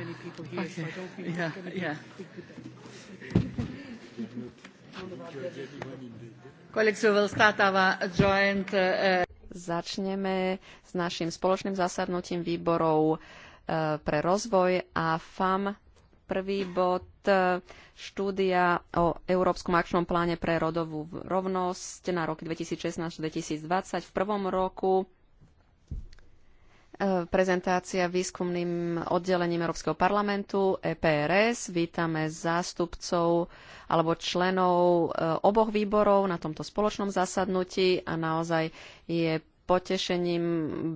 many people here, okay. so I don't think yeah, going to be yeah. a big debate. Začneme s našim spoločným zasadnutím výborov uh, pre rozvoj a FAM. Prvý bod uh, štúdia o Európskom akčnom pláne pre rodovú rovnosť na roky 2016-2020. V prvom roku E, prezentácia výskumným oddelením Európskeho parlamentu EPRS. Vítame zástupcov alebo členov e, oboch výborov na tomto spoločnom zasadnutí a naozaj je potešením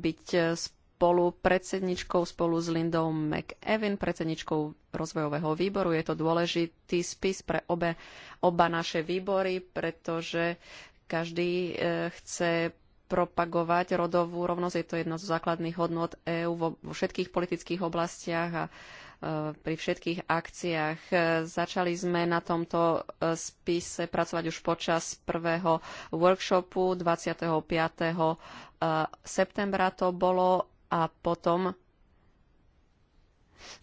byť spolu predsedničkou spolu s Lindou McEvin, predsedničkou rozvojového výboru. Je to dôležitý spis pre obe, oba naše výbory, pretože každý e, chce propagovať rodovú rovnosť. Je to jedna zo základných hodnot EÚ vo, vo všetkých politických oblastiach a e, pri všetkých akciách. E, začali sme na tomto e, spise pracovať už počas prvého workshopu 25. septembra to bolo a potom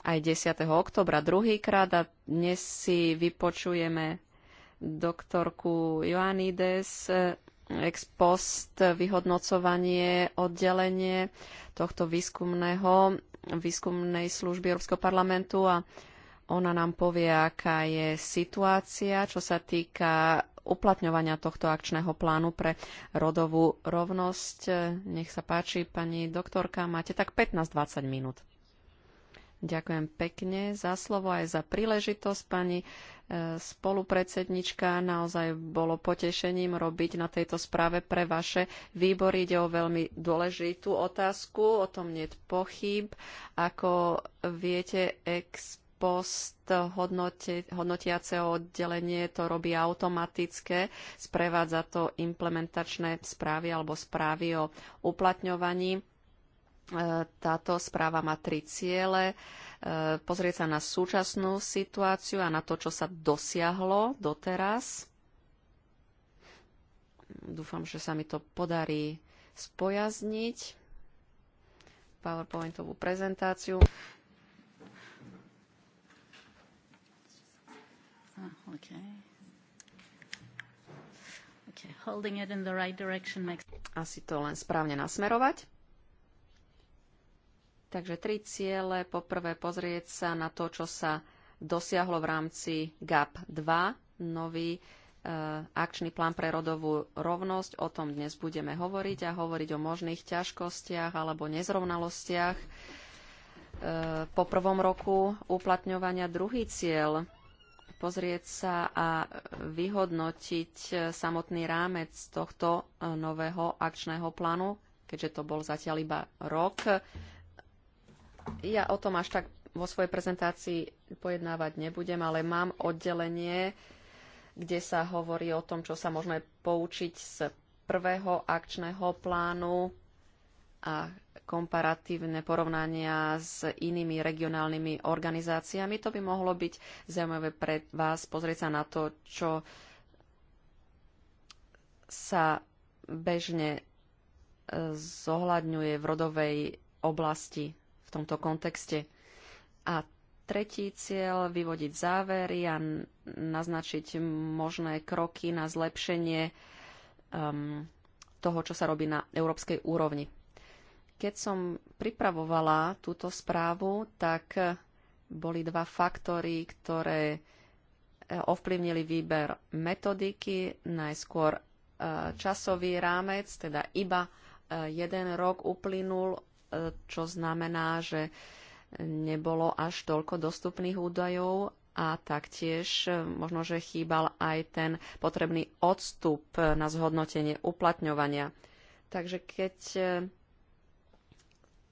aj 10. oktobra druhýkrát a dnes si vypočujeme doktorku Joannides ex post vyhodnocovanie, oddelenie tohto výskumného, výskumnej služby Európskeho parlamentu a ona nám povie, aká je situácia, čo sa týka uplatňovania tohto akčného plánu pre rodovú rovnosť. Nech sa páči, pani doktorka, máte tak 15-20 minút. Ďakujem pekne za slovo aj za príležitosť, pani e, spolupredsednička. Naozaj bolo potešením robiť na tejto správe pre vaše výbory. Ide o veľmi dôležitú otázku, o tom nie je pochyb. Ako viete, ex post hodnotiace oddelenie to robí automatické, sprevádza to implementačné správy alebo správy o uplatňovaní táto správa má tri ciele. E, pozrieť sa na súčasnú situáciu a na to, čo sa dosiahlo doteraz. Dúfam, že sa mi to podarí spojazniť. PowerPointovú prezentáciu. Ah, Asi to len správne nasmerovať. Takže tri ciele. Poprvé pozrieť sa na to, čo sa dosiahlo v rámci GAP 2, nový e, akčný plán pre rodovú rovnosť. O tom dnes budeme hovoriť a hovoriť o možných ťažkostiach alebo nezrovnalostiach e, po prvom roku uplatňovania druhý cieľ pozrieť sa a vyhodnotiť e, samotný rámec tohto e, nového akčného plánu, keďže to bol zatiaľ iba rok ja o tom až tak vo svojej prezentácii pojednávať nebudem, ale mám oddelenie, kde sa hovorí o tom, čo sa môžeme poučiť z prvého akčného plánu a komparatívne porovnania s inými regionálnymi organizáciami. To by mohlo byť zaujímavé pre vás pozrieť sa na to, čo sa bežne e, zohľadňuje v rodovej oblasti tomto kontexte. A tretí cieľ vyvodiť závery a naznačiť možné kroky na zlepšenie um, toho, čo sa robí na európskej úrovni. Keď som pripravovala túto správu, tak boli dva faktory, ktoré eh, ovplyvnili výber metodiky, najskôr eh, časový rámec, teda iba eh, jeden rok uplynul čo znamená, že nebolo až toľko dostupných údajov a taktiež e, možno, že chýbal aj ten potrebný odstup na zhodnotenie uplatňovania. Takže keď e,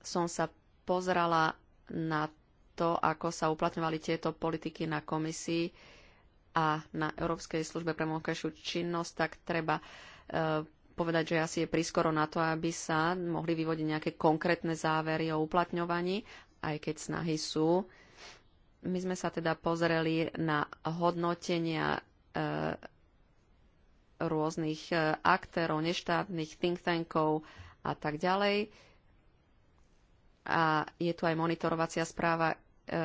som sa pozrala na to, ako sa uplatňovali tieto politiky na komisii a na Európskej službe pre vonkajšiu činnosť, tak treba e, povedať, že asi je prískoro na to, aby sa mohli vyvodiť nejaké konkrétne závery o uplatňovaní, aj keď snahy sú. My sme sa teda pozreli na hodnotenia e, rôznych e, aktérov, neštátnych think tankov a tak ďalej. A je tu aj monitorovacia správa e, e,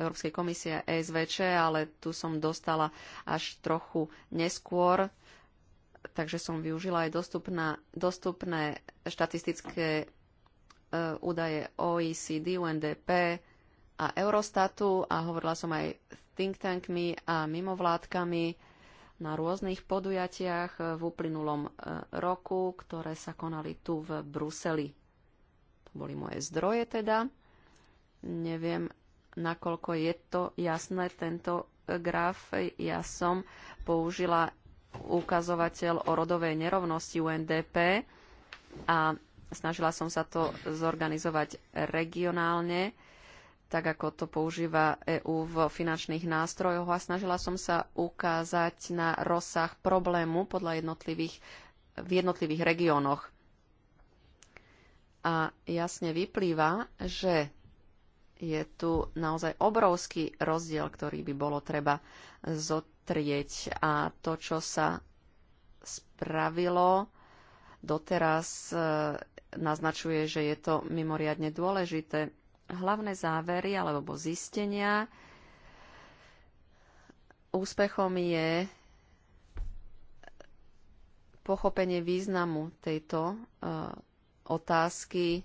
Európskej komisie ESVČ, ale tu som dostala až trochu neskôr takže som využila aj dostupná, dostupné štatistické e, údaje OECD, UNDP a Eurostatu a hovorila som aj s think tankmi a mimovládkami na rôznych podujatiach e, v uplynulom e, roku, ktoré sa konali tu v Bruseli. To boli moje zdroje teda. Neviem, nakoľko je to jasné, tento e, graf. Ja som použila ukazovateľ o rodovej nerovnosti UNDP a snažila som sa to zorganizovať regionálne, tak ako to používa EÚ v finančných nástrojoch a snažila som sa ukázať na rozsah problému podľa jednotlivých, v jednotlivých regiónoch. A jasne vyplýva, že je tu naozaj obrovský rozdiel, ktorý by bolo treba zo uzavrieť a to, čo sa spravilo doteraz, e, naznačuje, že je to mimoriadne dôležité. Hlavné závery alebo zistenia úspechom je pochopenie významu tejto e, otázky. E,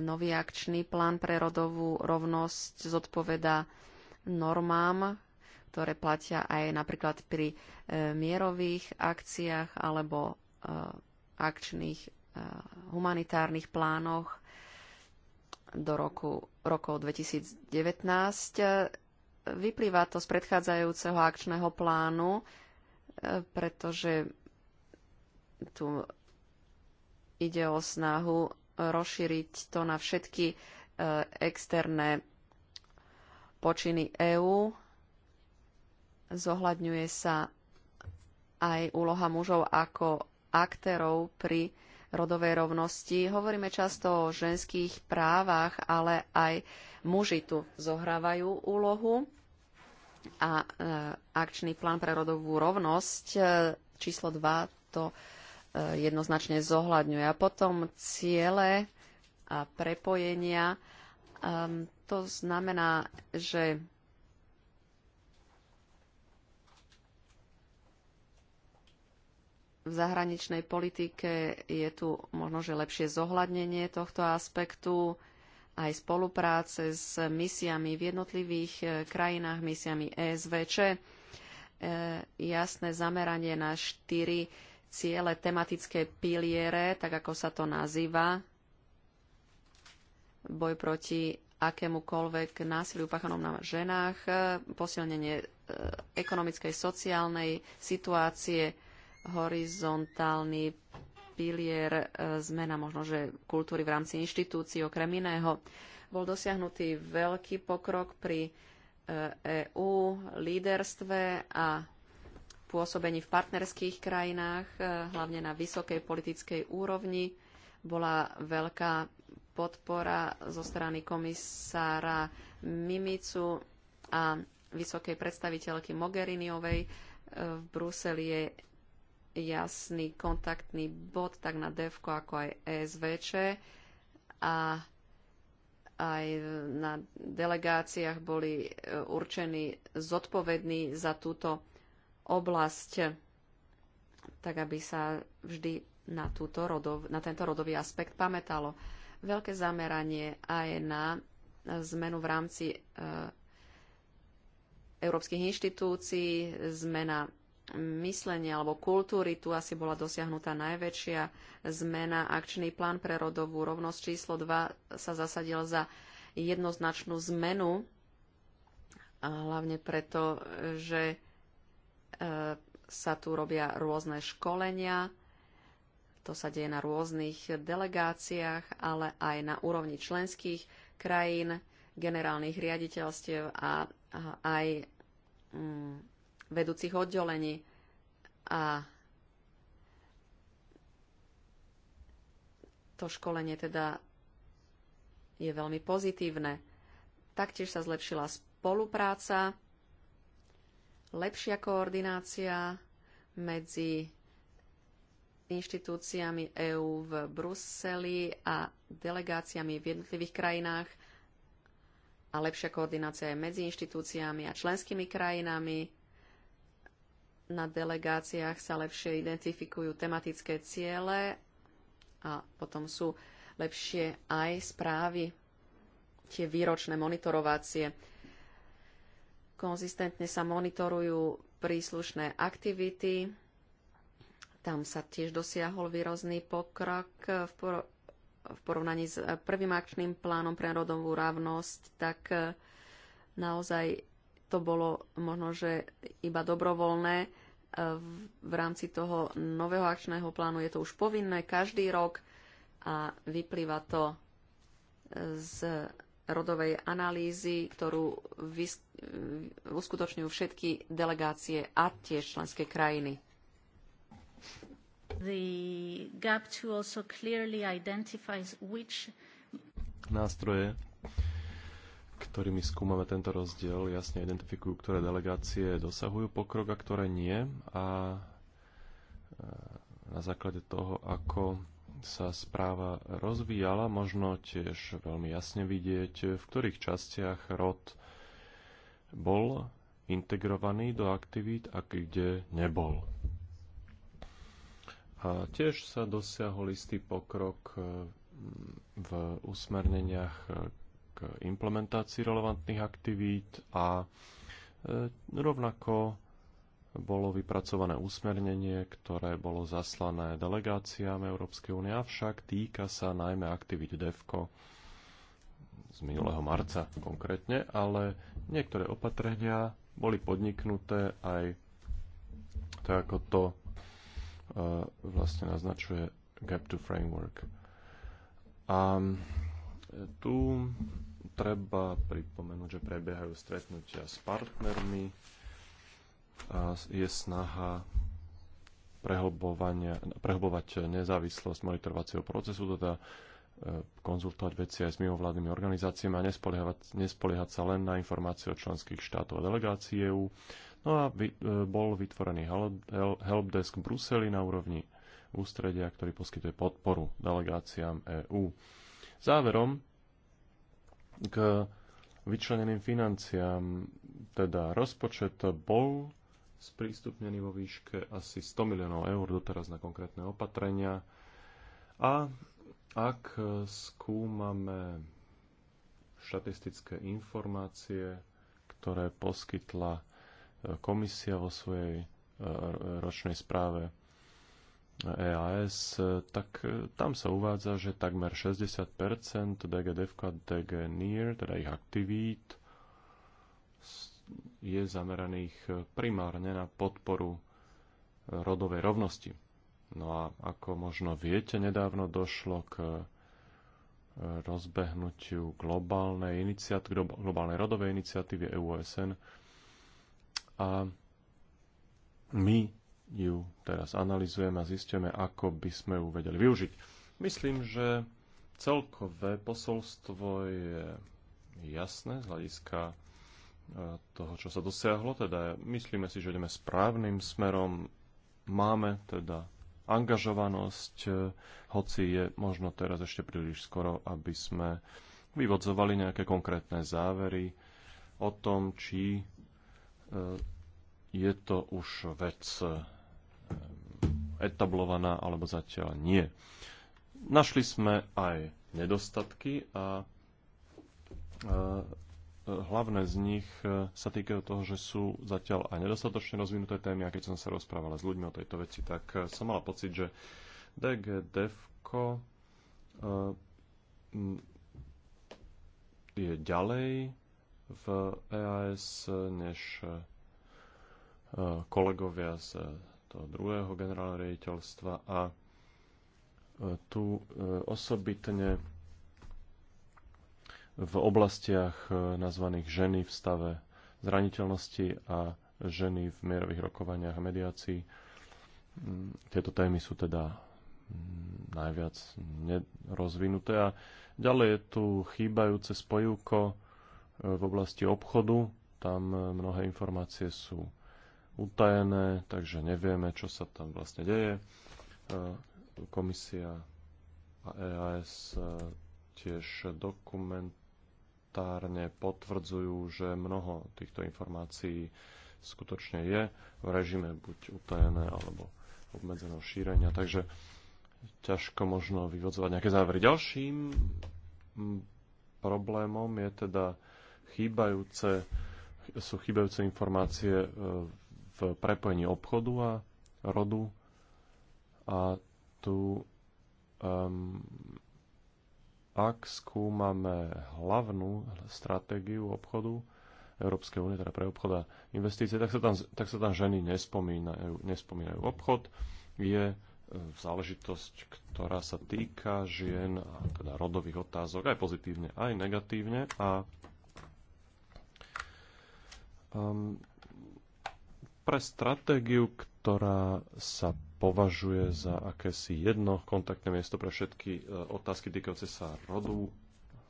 nový akčný plán pre rodovú rovnosť zodpoveda normám, ktoré platia aj napríklad pri e, mierových akciách alebo e, akčných e, humanitárnych plánoch do roku, rokov 2019. Vyplýva to z predchádzajúceho akčného plánu, pretože tu ide o snahu rozšíriť to na všetky externé počiny EÚ zohľadňuje sa aj úloha mužov ako aktérov pri rodovej rovnosti. Hovoríme často o ženských právach, ale aj muži tu zohrávajú úlohu. A e, akčný plán pre rodovú rovnosť e, číslo 2 to e, jednoznačne zohľadňuje. A potom ciele a prepojenia. E, to znamená, že v zahraničnej politike je tu možno, že lepšie zohľadnenie tohto aspektu aj spolupráce s misiami v jednotlivých e, krajinách, misiami ESVČ, e, jasné zameranie na štyri ciele tematické piliere, tak ako sa to nazýva, boj proti akémukoľvek násiliu páchanom na ženách, e, posilnenie e, ekonomickej, sociálnej situácie, horizontálny pilier e, zmena možno, že kultúry v rámci inštitúcií okrem iného. Bol dosiahnutý veľký pokrok pri EÚ e líderstve a pôsobení v partnerských krajinách, e, hlavne na vysokej politickej úrovni. Bola veľká podpora zo strany komisára Mimicu a vysokej predstaviteľky Mogheriniovej. V Bruseli je jasný kontaktný bod tak na DEVKO ako aj ESVČ a aj na delegáciách boli e, určení zodpovední za túto oblasť, tak aby sa vždy na, túto rodov, na tento rodový aspekt pamätalo. Veľké zameranie aj na zmenu v rámci e, európskych inštitúcií, zmena myslenia alebo kultúry. Tu asi bola dosiahnutá najväčšia zmena. Akčný plán pre rodovú rovnosť číslo 2 sa zasadil za jednoznačnú zmenu, hlavne preto, že e, sa tu robia rôzne školenia, to sa deje na rôznych delegáciách, ale aj na úrovni členských krajín, generálnych riaditeľstiev a, aj mm, vedúcich oddelení. A to školenie teda je veľmi pozitívne. Taktiež sa zlepšila spolupráca, lepšia koordinácia medzi inštitúciami EÚ v Bruseli a delegáciami v jednotlivých krajinách a lepšia koordinácia aj medzi inštitúciami a členskými krajinami na delegáciách sa lepšie identifikujú tematické ciele a potom sú lepšie aj správy, tie výročné monitorovacie. Konzistentne sa monitorujú príslušné aktivity. Tam sa tiež dosiahol výrozný pokrok v, por- v porovnaní s prvým akčným plánom pre rodovú rávnosť. tak eh, naozaj to bolo možno, že iba dobrovoľné E, v rámci toho nového akčného plánu je to už povinné každý rok a vyplýva to e, z rodovej analýzy, ktorú e, uskutočňujú všetky delegácie a tiež členské krajiny. Nástroje ktorými skúmame tento rozdiel, jasne identifikujú, ktoré delegácie dosahujú pokrok a ktoré nie. A e, na základe toho, ako sa správa rozvíjala, možno tiež veľmi jasne vidieť, v ktorých častiach rod bol integrovaný do aktivít a kde nebol. A tiež sa dosiahol istý pokrok e, v usmerneniach k implementácii relevantných aktivít a e, rovnako bolo vypracované usmernenie, ktoré bolo zaslané delegáciám Európskej únie, avšak týka sa najmä aktivít DEFCO z minulého marca konkrétne, ale niektoré opatrenia boli podniknuté aj tak, ako to e, vlastne naznačuje Gap to Framework. A e, tu Treba pripomenúť, že prebiehajú stretnutia s partnermi a je snaha prehlbovať nezávislosť monitorovacieho procesu, teda e, konzultovať veci aj s mimovládnymi organizáciami a nespoliehať, nespoliehať sa len na informácie o členských štátov a delegácií EÚ. No a vy, e, bol vytvorený helpdesk v Bruseli na úrovni ústredia, ktorý poskytuje podporu delegáciám EÚ. Záverom k vyčleneným financiám. Teda rozpočet bol sprístupnený vo výške asi 100 miliónov eur doteraz na konkrétne opatrenia. A ak skúmame štatistické informácie, ktoré poskytla eh, komisia vo svojej eh, ročnej správe EAS, tak e, tam sa uvádza, že takmer 60% DGDF a DGNIR, teda ich aktivít, je zameraných e, primárne na podporu e, rodovej rovnosti. No a ako možno viete, nedávno došlo k rozbehnutiu globálnej, iniciat- globálnej rodovej iniciatívy EUSN a my ju teraz analizujeme a zistíme, ako by sme ju vedeli využiť. Myslím, že celkové posolstvo je jasné z hľadiska e, toho, čo sa dosiahlo. Teda myslíme si, že ideme správnym smerom. Máme teda angažovanosť, e, hoci je možno teraz ešte príliš skoro, aby sme vyvodzovali nejaké konkrétne závery o tom, či e, je to už vec Ehm, etablovaná alebo zatiaľ nie. Našli sme aj nedostatky a ehm, e, hlavné z nich e, sa týkajú toho, že sú zatiaľ aj nedostatočne rozvinuté témy a keď som sa rozprávala s ľuďmi o tejto veci, tak e, som mala pocit, že DG Devko je ďalej v EAS než kolegovia z toho druhého generálneho riaditeľstva a e, tu e, osobitne v oblastiach e, nazvaných ženy v stave zraniteľnosti a ženy v mierových rokovaniach a mediácii. Mm, tieto témy sú teda mm, najviac nerozvinuté. A ďalej je tu chýbajúce spojúko v oblasti obchodu. Tam mnohé informácie sú utajené, takže nevieme, čo sa tam vlastne deje. E, komisia a EAS e, tiež dokumentárne potvrdzujú, že mnoho týchto informácií skutočne je v režime buď utajené alebo obmedzeného šírenia, takže ťažko možno vyvodzovať nejaké závery. Ďalším problémom je teda chýbajúce, sú chýbajúce informácie e, v prepojení obchodu a rodu. A tu, um, ak skúmame hlavnú stratégiu obchodu Európskej únie, teda pre obchod a investície, tak sa tam, tak sa tam ženy nespomínajú. nespomínajú. Obchod je e, záležitosť, ktorá sa týka žien, a teda rodových otázok, aj pozitívne, aj negatívne. A um, pre stratégiu, ktorá sa považuje za akési jedno kontaktné miesto pre všetky e, otázky týkajúce sa rodu,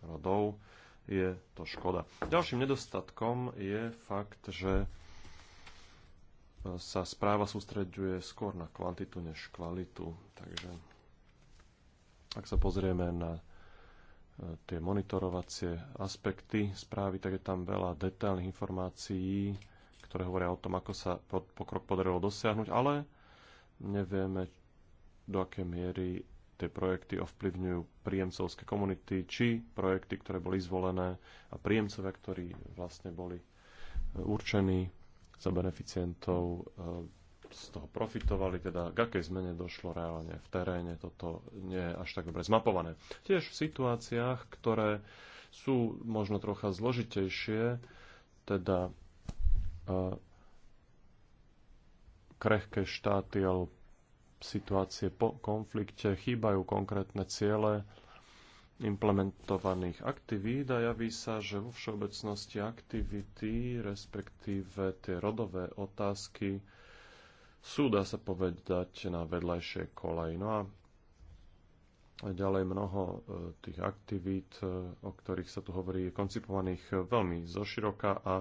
rodov, je to škoda. Ďalším nedostatkom je fakt, že e, sa správa sústreďuje skôr na kvantitu než kvalitu. Takže ak sa pozrieme na e, tie monitorovacie aspekty správy, tak je tam veľa detailných informácií, ktoré hovoria o tom, ako sa pokrok podarilo dosiahnuť, ale nevieme, do akej miery tie projekty ovplyvňujú príjemcovské komunity, či projekty, ktoré boli zvolené a príjemcovia, ktorí vlastne boli e, určení za beneficientov, e, z toho profitovali, teda k akej zmene došlo reálne v teréne, toto nie je až tak dobre zmapované. Tiež v situáciách, ktoré sú možno trocha zložitejšie, teda krehké štáty alebo situácie po konflikte, chýbajú konkrétne ciele implementovaných aktivít a javí sa, že vo všeobecnosti aktivity, respektíve tie rodové otázky, sú, dá sa povedať, na vedľajšie kolej. No a ďalej mnoho e, tých aktivít, e, o ktorých sa tu hovorí, je koncipovaných veľmi zoširoka a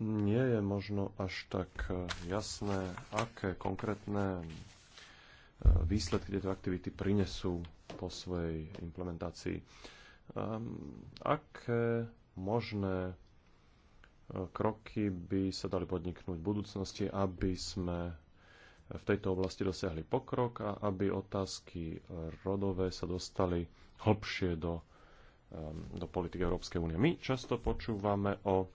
nie je možno až tak e, jasné, aké konkrétne e, výsledky tieto aktivity prinesú po svojej implementácii. Ehm, aké možné e, kroky by sa dali podniknúť v budúcnosti, aby sme v tejto oblasti dosiahli pokrok a aby otázky rodové sa dostali hlbšie do, ehm, do politiky Európskej únie. My často počúvame o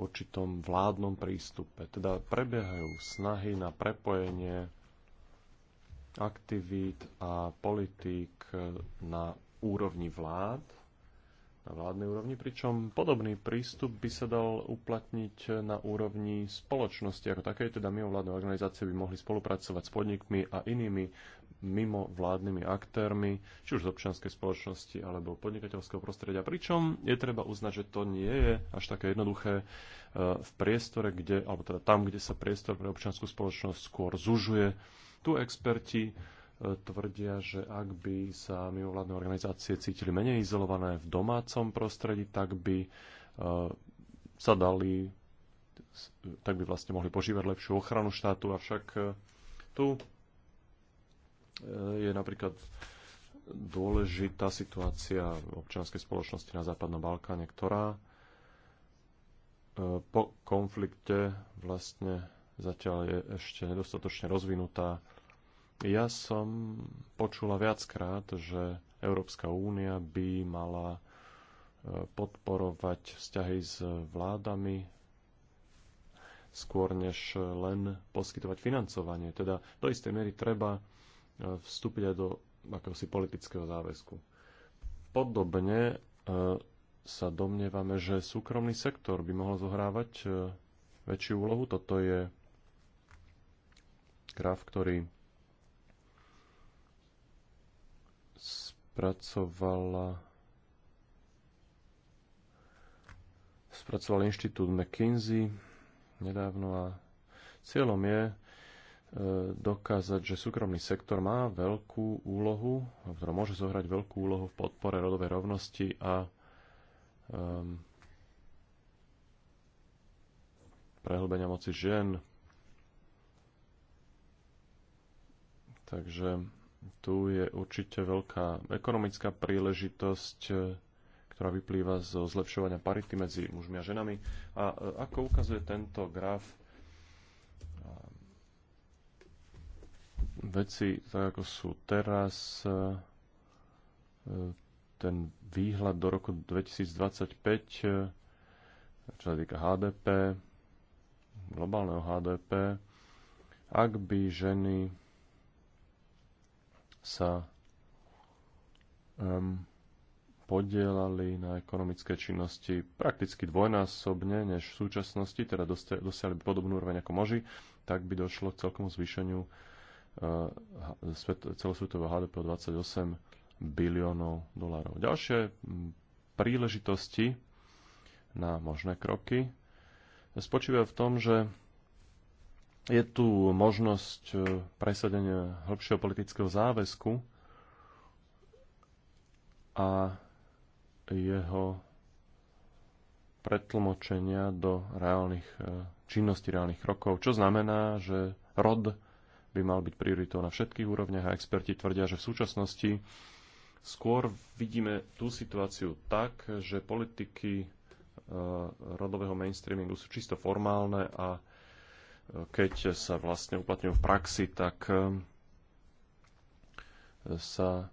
určitom vládnom prístupe. Teda prebiehajú snahy na prepojenie aktivít a politík na úrovni vlád na vládnej úrovni, pričom podobný prístup by sa dal uplatniť na úrovni spoločnosti ako takej, teda mimovládne organizácie by mohli spolupracovať s podnikmi a inými mimo vládnymi aktérmi, či už z občianskej spoločnosti alebo podnikateľského prostredia. Pričom je treba uznať, že to nie je až také jednoduché e, v priestore, kde, alebo teda tam, kde sa priestor pre občianskú spoločnosť skôr zužuje. Tu experti tvrdia, že ak by sa mimovládne organizácie cítili menej izolované v domácom prostredí, tak by e, sa dali, tak by vlastne mohli požívať lepšiu ochranu štátu, avšak e, tu e, je napríklad dôležitá situácia občianskej spoločnosti na Západnom Balkáne, ktorá po konflikte vlastne zatiaľ je ešte nedostatočne rozvinutá. Ja som počula viackrát, že Európska únia by mala e, podporovať vzťahy s vládami skôr než len poskytovať financovanie. Teda do istej miery treba e, vstúpiť aj do akéhosi politického záväzku. Podobne e, sa domnievame, že súkromný sektor by mohol zohrávať väčšiu úlohu. Toto je graf, ktorý pracovala spracoval inštitút McKinsey nedávno a cieľom je e, dokázať, že súkromný sektor má veľkú úlohu, ktorá teda môže zohrať veľkú úlohu v podpore rodovej rovnosti a um, prehlbenia moci žien. Takže tu je určite veľká ekonomická príležitosť, e, ktorá vyplýva zo zlepšovania parity medzi mužmi a ženami. A e, ako ukazuje tento graf, e, veci tak ako sú teraz, ten výhľad do roku 2025, čo sa týka HDP, globálneho HDP, ak by ženy sa um, podielali na ekonomické činnosti prakticky dvojnásobne než v súčasnosti, teda dosiahli podobnú úroveň ako moži, tak by došlo k celkomu zvýšeniu uh, celosvetového HDP o 28 biliónov dolárov. Ďalšie príležitosti na možné kroky spočívajú v tom, že je tu možnosť e, presadenia hĺbšieho politického záväzku a jeho pretlmočenia do reálnych e, činností, reálnych krokov, čo znamená, že rod by mal byť prioritou na všetkých úrovniach a experti tvrdia, že v súčasnosti skôr vidíme tú situáciu tak, že politiky e, rodového mainstreamingu sú čisto formálne a keď sa vlastne uplatňujú v praxi, tak e, sa e,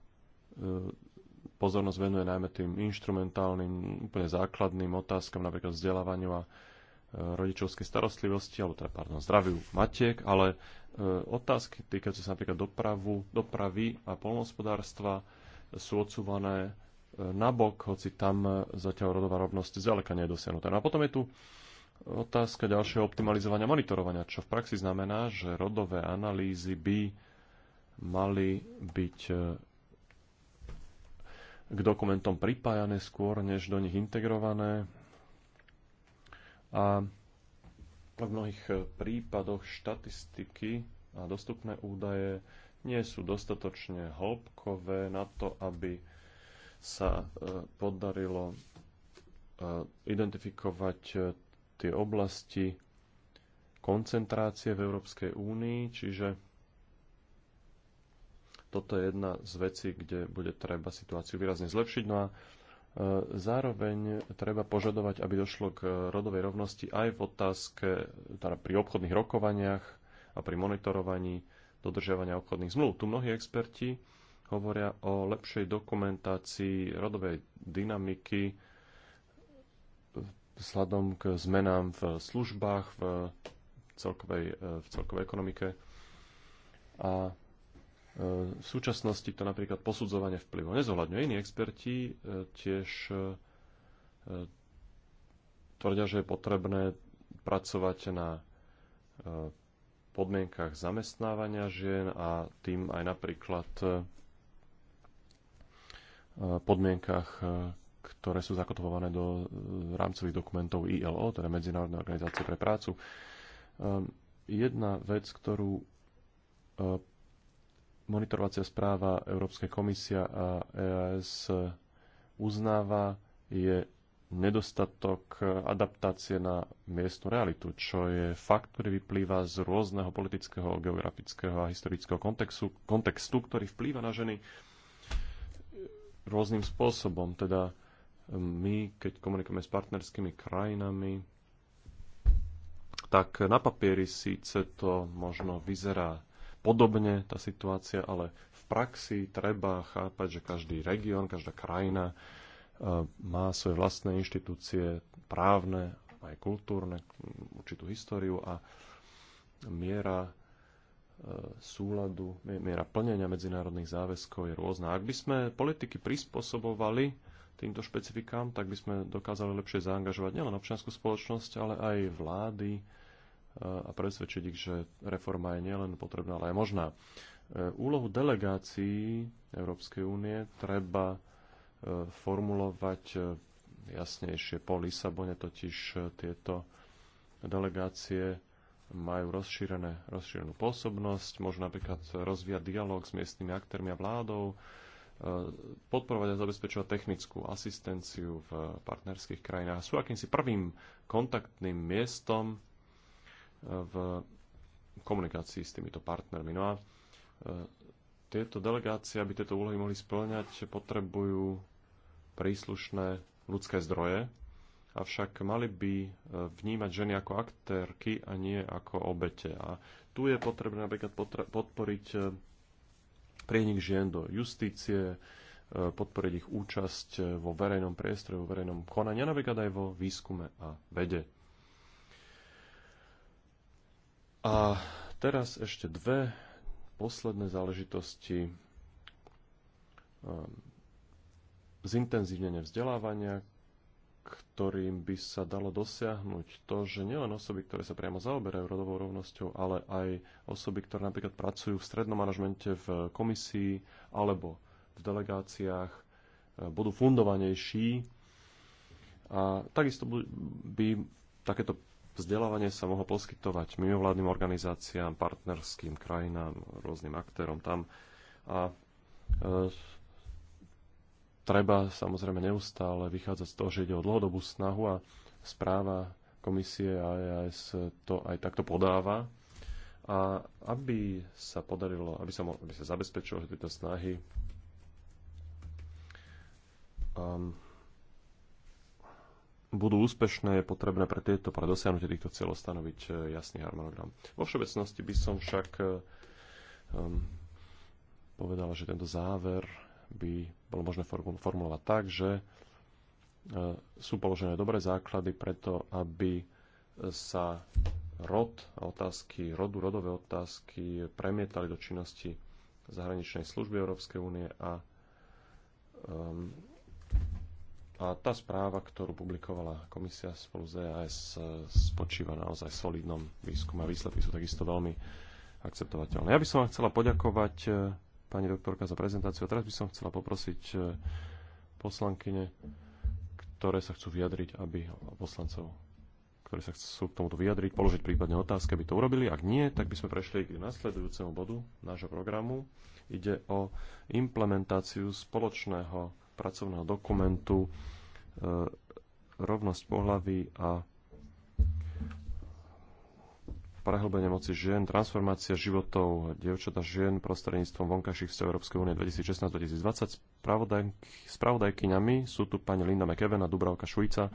pozornosť venuje najmä tým inštrumentálnym, úplne základným otázkam, napríklad vzdelávaniu a e, rodičovskej starostlivosti, alebo teda, pardon, zdraviu matiek, ale otázky týkajúce sa napríklad dopravu, dopravy a polnohospodárstva sú odsúvané nabok, hoci tam zatiaľ rodová rovnosť zďaleka nie je dosiahnutá. No a potom je tu otázka ďalšieho optimalizovania monitorovania, čo v praxi znamená, že rodové analýzy by mali byť e, k dokumentom pripájané skôr, než do nich integrované. A v mnohých e, prípadoch štatistiky a dostupné údaje nie sú dostatočne hĺbkové na to, aby sa e, podarilo identifikovať tie oblasti koncentrácie v Európskej únii, čiže toto je jedna z vecí, kde bude treba situáciu výrazne zlepšiť. No a e, zároveň treba požadovať, aby došlo k rodovej rovnosti aj v otázke, teda pri obchodných rokovaniach a pri monitorovaní dodržiavania obchodných zmluv. Tu mnohí experti hovoria o lepšej dokumentácii rodovej dynamiky vzhľadom k zmenám v službách, v celkovej, e, v celkovej ekonomike. A e, v súčasnosti to napríklad posudzovanie vplyvov nezohľadňuje. Iní experti e, tiež tvrdia, že je potrebné pracovať na podmienkach zamestnávania žien a tým aj napríklad podmienkach ktoré sú zakotvované do e, rámcových dokumentov ILO, teda Medzinárodnej organizácie pre prácu. E, jedna vec, ktorú e, monitorovacia správa Európskej komisia a EAS uznáva, je nedostatok adaptácie na miestnu realitu, čo je fakt, ktorý vyplýva z rôzneho politického, geografického a historického kontextu, kontextu ktorý vplýva na ženy rôznym spôsobom. Teda my, keď komunikujeme s partnerskými krajinami, tak na papieri síce to možno vyzerá podobne, tá situácia, ale v praxi treba chápať, že každý región, každá krajina e, má svoje vlastné inštitúcie právne, aj kultúrne, určitú históriu a miera e, súladu, miera plnenia medzinárodných záväzkov je rôzna. Ak by sme politiky prispôsobovali týmto špecifikám, tak by sme dokázali lepšie zaangažovať nielen občianskú spoločnosť, ale aj vlády e, a presvedčiť ich, že reforma je nielen potrebná, ale aj možná. E, úlohu delegácií Európskej únie treba e, formulovať jasnejšie. Po Lisabone totiž tieto delegácie majú rozšírené, rozšírenú pôsobnosť, môžu napríklad rozvíjať dialog s miestnymi aktérmi a vládou, Eh, podporovať a zabezpečovať technickú asistenciu v partnerských krajinách. Sú akýmsi prvým kontaktným miestom eh, v komunikácii s týmito partnermi. No a eh, tieto delegácie, aby tieto úlohy mohli splňať, potrebujú príslušné ľudské zdroje, avšak mali by vnímať ženy ako aktérky a nie ako obete. A tu je potrebné napríklad podporiť prienik žien do justície, e, podporiť ich účasť e, vo verejnom priestore, vo verejnom konaní, napríklad aj vo výskume a vede. A teraz ešte dve posledné záležitosti e, zintenzívnenie vzdelávania, ktorým by sa dalo dosiahnuť to, že nielen osoby, ktoré sa priamo zaoberajú rodovou rovnosťou, ale aj osoby, ktoré napríklad pracujú v strednom manažmente, v komisii alebo v delegáciách, e, budú fundovanejší a takisto by takéto vzdelávanie sa mohlo poskytovať mimovládnym organizáciám, partnerským krajinám, rôznym aktérom tam. A e, treba samozrejme neustále vychádzať z toho, že ide o dlhodobú snahu a správa komisie AES to aj takto podáva. A aby sa podarilo, aby sa, aby sa zabezpečilo, že tieto snahy um, budú úspešné, je potrebné pre tieto, pre dosiahnutie týchto cieľov stanoviť uh, jasný harmonogram. Vo všeobecnosti by som však uh, um, povedal, že tento záver by bolo možné formulovať tak, že e, sú položené dobré základy preto, aby sa rod a otázky rodu, rodové otázky premietali do činnosti zahraničnej služby Európskej únie a, ehm, a tá správa, ktorú publikovala komisia spolu z EAS, e, spočíva naozaj solidnom výskume a výsledky sú takisto veľmi akceptovateľné. Ja by som vám chcela poďakovať e, pani doktorka za prezentáciu. A teraz by som chcela poprosiť eh, poslankyne, ktoré sa chcú vyjadriť, aby eh, poslancov ktorí sa chcú k tomuto vyjadriť, položiť prípadne otázky, aby to urobili. Ak nie, tak by sme prešli k nasledujúcemu bodu nášho programu. Ide o implementáciu spoločného pracovného dokumentu e, rovnosť pohlaví a prehlbenie moci žien, transformácia životov dievčat a žien prostredníctvom vonkajších vzťahov Európskej únie 2016-2020. spravodajkyňami sú tu pani Linda McEvena, a Dubravka Švica.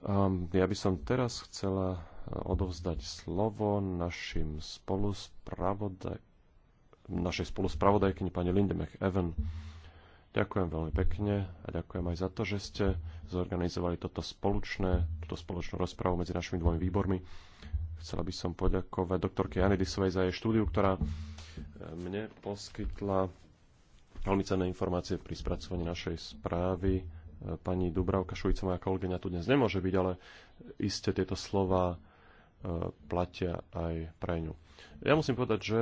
Um, ehm, ja by som teraz chcela eh, odovzdať slovo našim spoluspravodaj, našej spoluspravodajkyni pani Linde McEven. Ďakujem veľmi pekne a ďakujem aj za to, že ste zorganizovali toto spoločné, túto spoločnú rozpravu medzi našimi dvomi výbormi. Chcela by som poďakovať doktorke Anidisovej za jej štúdiu, ktorá e, mne poskytla veľmi cenné informácie pri spracovaní našej správy. E, pani Dubravka moja kolegyňa tu dnes nemôže byť, ale iste tieto slova e, platia aj pre ňu. Ja musím povedať, že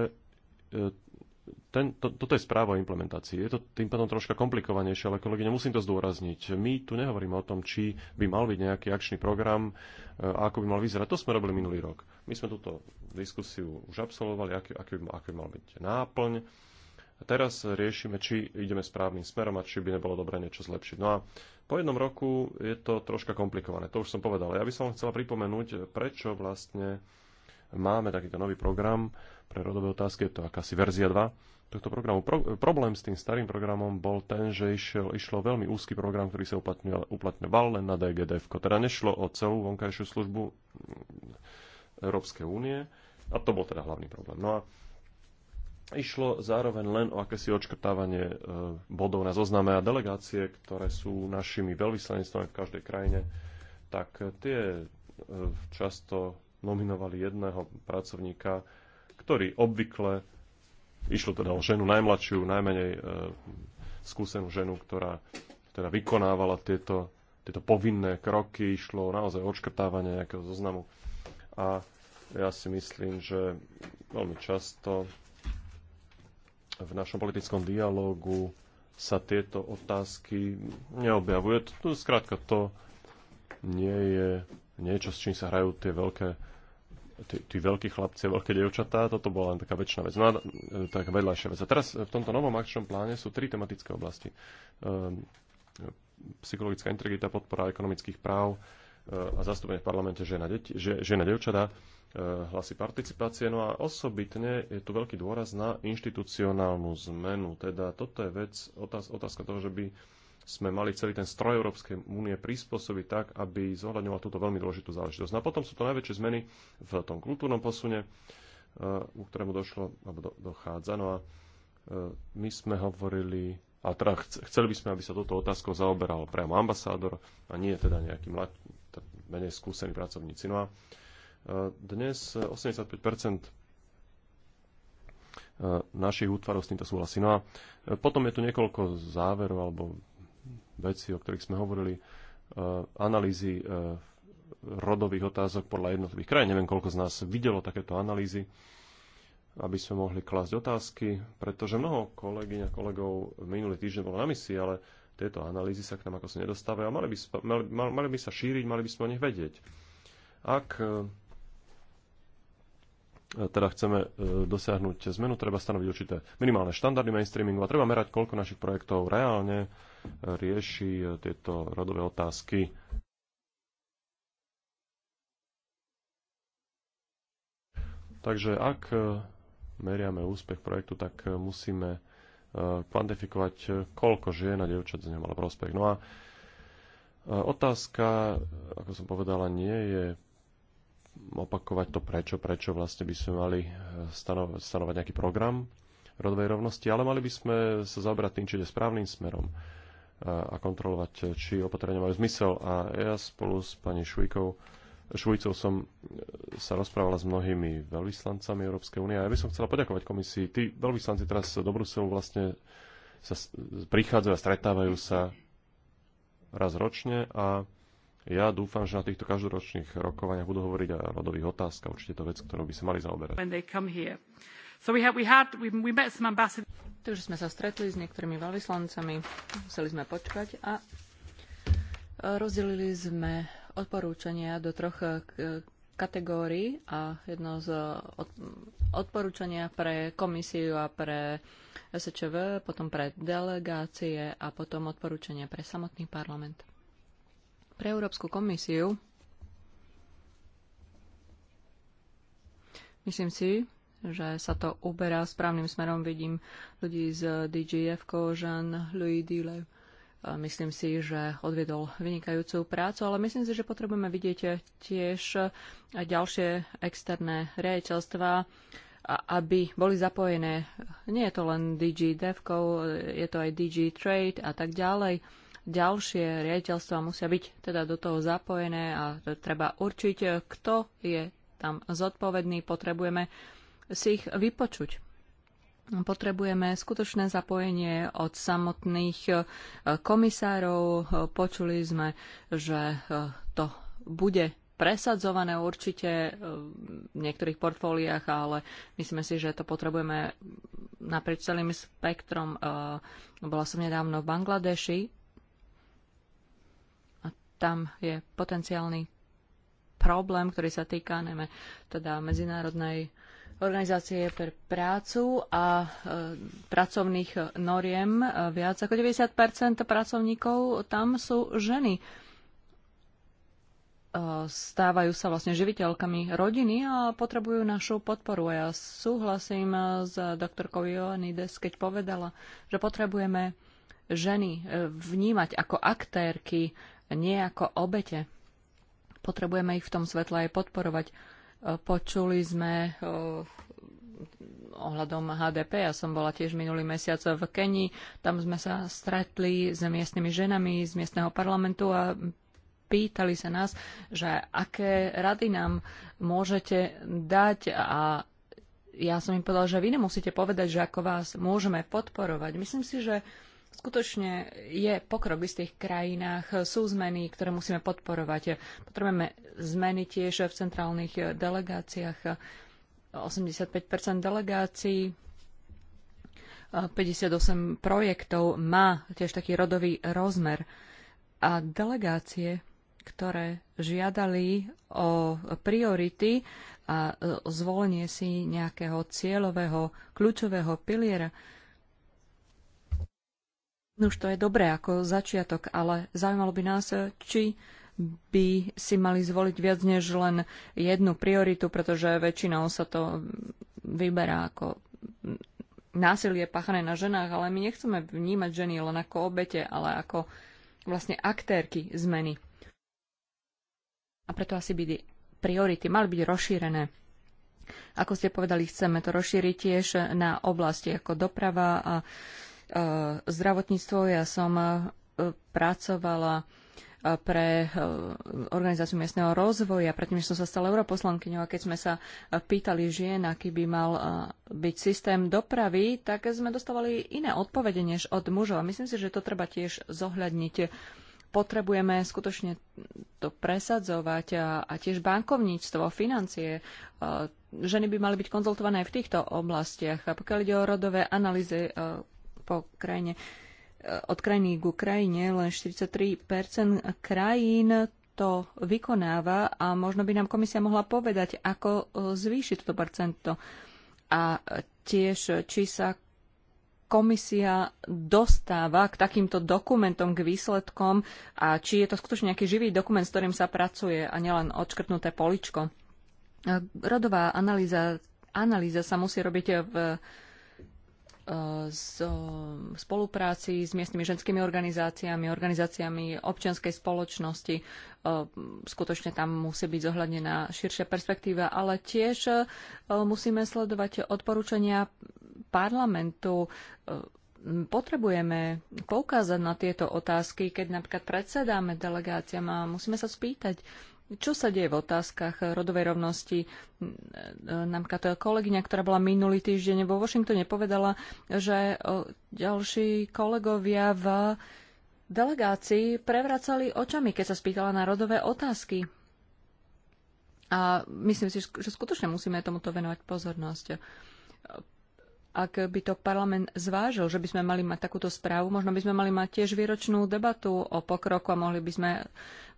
ten, to, toto je správa o implementácii. Je to tým pádom troška komplikovanejšie, ale kolegyne, musím to zdôrazniť. My tu nehovoríme o tom, či by mal byť nejaký akčný program eh, a ako by mal vyzerať. To sme robili minulý rok. My sme túto diskusiu už absolvovali, aký, aký, by, aký by mal byť náplň. A teraz riešime, či ideme správnym smerom a či by nebolo dobré niečo zlepšiť. No a po jednom roku je to troška komplikované. To už som povedal. Ja by som chcela pripomenúť, prečo vlastne máme takýto nový program pre rodové otázky, je to akási verzia 2 tohto programu. Pro, problém s tým starým programom bol ten, že išiel, išlo veľmi úzky program, ktorý sa uplatňoval, uplatňoval len na DGDF. -ko. Teda nešlo o celú vonkajšiu službu Európskej únie a to bol teda hlavný problém. No a Išlo zároveň len o akési odškrtávanie e, bodov na zozname a delegácie, ktoré sú našimi veľvyslanectvami v každej krajine, tak tie e, často nominovali jedného pracovníka, ktorý obvykle, išlo teda o ženu najmladšiu, najmenej e, skúsenú ženu, ktorá teda vykonávala tieto, tieto povinné kroky, išlo naozaj odškrtávanie nejakého zoznamu. A ja si myslím, že veľmi často v našom politickom dialogu sa tieto otázky neobjavuje. Skrátka to nie je niečo, s čím sa hrajú tie veľké tí, tí veľkí chlapci a veľké dievčatá, toto bola len taká väčšina vec, no, e, taká vedľajšia vec. A teraz v tomto novom akčnom pláne sú tri tematické oblasti. Ehm, psychologická integrita, podpora ekonomických práv e, a zastúpenie v parlamente žena, deti, žena dievčatá, e, hlasy participácie. No a osobitne je tu veľký dôraz na inštitucionálnu zmenu. Teda toto je vec, otáz, otázka toho, že by sme mali celý ten stroj Európskej únie prispôsobiť tak, aby zohľadňoval túto veľmi dôležitú záležitosť. No a potom sú to najväčšie zmeny v tom kultúrnom posune, eh, ku ktorému došlo, alebo do, dochádza. No a eh, my sme hovorili, a teda chceli by sme, aby sa toto otázkou zaoberal priamo ambasádor a nie teda nejaký mlad, menej skúsený pracovníci. No a eh, dnes 85 našich útvarov s týmto súhlasí. No a potom je tu niekoľko záverov alebo veci, o ktorých sme hovorili, e, analýzy e, rodových otázok podľa jednotlivých krajín. Neviem, koľko z nás videlo takéto analýzy, aby sme mohli klásť otázky, pretože mnoho kolegyň a kolegov minulý týždeň bolo na misii, ale tieto analýzy sa k nám ako sa nedostávajú a mali by, mali, mali by sa šíriť, mali by sme o nich vedieť. Ak e, E, teda chceme e, dosiahnuť zmenu, treba stanoviť určité minimálne štandardy mainstreamingu a treba merať, koľko našich projektov reálne rieši e, tieto rodové otázky. Takže ak meriame úspech projektu, tak musíme kvantifikovať, koľko žien a dievčat z neho mal prospech. No a otázka, ako som povedala, nie je opakovať to prečo, prečo vlastne by sme mali eh, stano, stanovať nejaký program rodovej rovnosti, ale mali by sme sa zaoberať tým, či ide správnym smerom eh, a kontrolovať, eh, či opatrenia majú zmysel. A ja spolu s pani Švíkou, Šujcov som sa rozprávala s mnohými veľvyslancami Európskej únie a ja by som chcela poďakovať komisii. Tí veľvyslanci teraz do Bruselu vlastne sa prichádzajú a stretávajú sa raz ročne a ja dúfam, že na týchto každoročných rokovaniach budú hovoriť aj o rodových otázkach. Určite to vec, ktorou by sa mali zaoberať. Takže sme sa stretli s niektorými veľvyslancami, museli sme počkať a rozdelili sme odporúčania do troch eh, kategórií a jedno z odporúčania pre komisiu a pre SČV, potom pre delegácie a potom odporúčania pre samotný parlament. Pre Európsku komisiu myslím si, že sa to uberá správnym smerom. Vidím ľudí z DGF, Jean Louis Dile. Myslím si, že odvedol vynikajúcu prácu, ale myslím si, že potrebujeme vidieť tiež ďalšie externé riaditeľstva, aby boli zapojené. Nie je to len DG Devco, je to aj DG Trade a tak ďalej ďalšie riaditeľstva musia byť teda do toho zapojené a treba určiť, kto je tam zodpovedný. Potrebujeme si ich vypočuť. Potrebujeme skutočné zapojenie od samotných eh, komisárov. Počuli sme, že eh, to bude presadzované určite eh, v niektorých portfóliách, ale myslíme si, že to potrebujeme naprieč celým spektrom. Bola som nedávno v Bangladeši tam je potenciálny problém, ktorý sa týka najmä teda medzinárodnej organizácie pre prácu a e, pracovných noriem. E, viac ako 90 pracovníkov tam sú ženy. E, stávajú sa vlastne živiteľkami rodiny a potrebujú našu podporu. A ja súhlasím e, s doktorkou Ioannides, keď povedala, že potrebujeme ženy e, vnímať ako aktérky nie ako obete. Potrebujeme ich v tom svetle aj podporovať. E, počuli sme e, ohľadom HDP. Ja som bola tiež minulý mesiac v Kenii. Tam sme sa stretli s miestnymi ženami z miestneho parlamentu a pýtali sa nás, že aké rady nám môžete dať a ja som im povedala, že vy nemusíte povedať, že ako vás môžeme podporovať. Myslím si, že Skutočne je pokrok v istých krajinách, sú zmeny, ktoré musíme podporovať. Potrebujeme zmeny tiež v centrálnych delegáciách. 85 delegácií 58 projektov má tiež taký rodový rozmer. A delegácie, ktoré žiadali o priority a e, zvolenie si nejakého cieľového, kľúčového piliera, No už to je dobré ako začiatok, ale zaujímalo by nás, či by si mali zvoliť viac než len jednu prioritu, pretože väčšinou sa to vyberá ako násilie páchané na ženách, ale my nechceme vnímať ženy len ako obete, ale ako vlastne aktérky zmeny. A preto asi by priority mali byť rozšírené. Ako ste povedali, chceme to rozšíriť tiež na oblasti ako doprava a Eh, zdravotníctvo. Ja som eh, pracovala eh, pre organizáciu miestneho rozvoja, predtým, som sa stala europoslankyňou a keď sme sa pýtali žien, aký by mal byť systém dopravy, tak sme dostávali iné odpovede než od mužov. A myslím si, že to treba tiež zohľadniť. Potrebujeme skutočne to presadzovať a, a tiež bankovníctvo, financie. Ženy by mali byť konzultované aj v týchto oblastiach. A pokiaľ ide o rodové analýzy, po krajine eh, od krajiny k krajine, len 43% krajín to vykonáva a možno by nám komisia mohla povedať, ako eh, zvýšiť toto percento a eh, tiež, či sa komisia dostáva k takýmto dokumentom, k výsledkom a či je to skutočne nejaký živý dokument, s ktorým sa pracuje a nielen odškrtnuté poličko. Rodová analýza, analýza sa musí robiť v so eh, spolupráci s miestnymi ženskými organizáciami, organizáciami občianskej spoločnosti. Eh, skutočne tam musí byť zohľadnená širšia perspektíva, ale tiež eh, musíme sledovať odporúčania parlamentu. Potrebujeme poukázať na tieto otázky, keď napríklad predsedáme delegáciám a musíme sa spýtať, čo sa deje v otázkach rodovej rovnosti. Napríklad kolegyňa, ktorá bola minulý týždeň vo Washingtone, povedala, že ďalší kolegovia v delegácii prevracali očami, keď sa spýtala na rodové otázky. A myslím si, že skutočne musíme tomuto venovať pozornosť. Ak by to parlament zvážil, že by sme mali mať takúto správu, možno by sme mali mať tiež výročnú debatu o pokroku a mohli by sme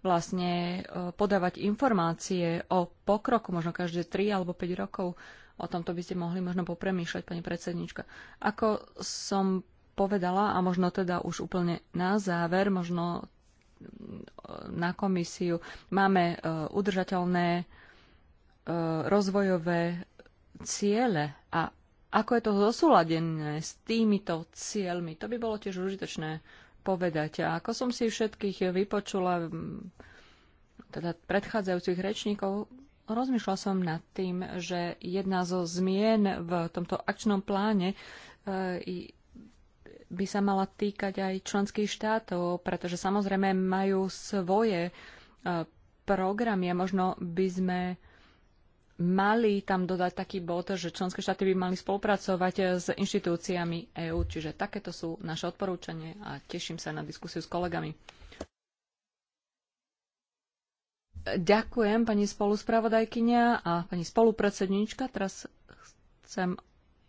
vlastne e, podávať informácie o pokroku, možno každé 3 alebo 5 rokov. O tomto by ste mohli možno popremýšľať, pani predsednička. Ako som povedala, a možno teda už úplne na záver, možno mm, na komisiu, máme e, udržateľné e, rozvojové ciele a ako je to zosúladené s týmito cieľmi, to by bolo tiež užitočné povedať. A ako som si všetkých vypočula, teda predchádzajúcich rečníkov, rozmýšľal som nad tým, že jedna zo zmien v tomto akčnom pláne e, by sa mala týkať aj členských štátov, pretože samozrejme majú svoje e, programy a možno by sme mali tam dodať taký bod, že členské štáty by mali spolupracovať eh, s inštitúciami EÚ. Čiže takéto sú naše odporúčanie a teším sa na diskusiu s kolegami. Ďakujem pani spoluspravodajkynia a pani spolupredsedníčka. Teraz chcem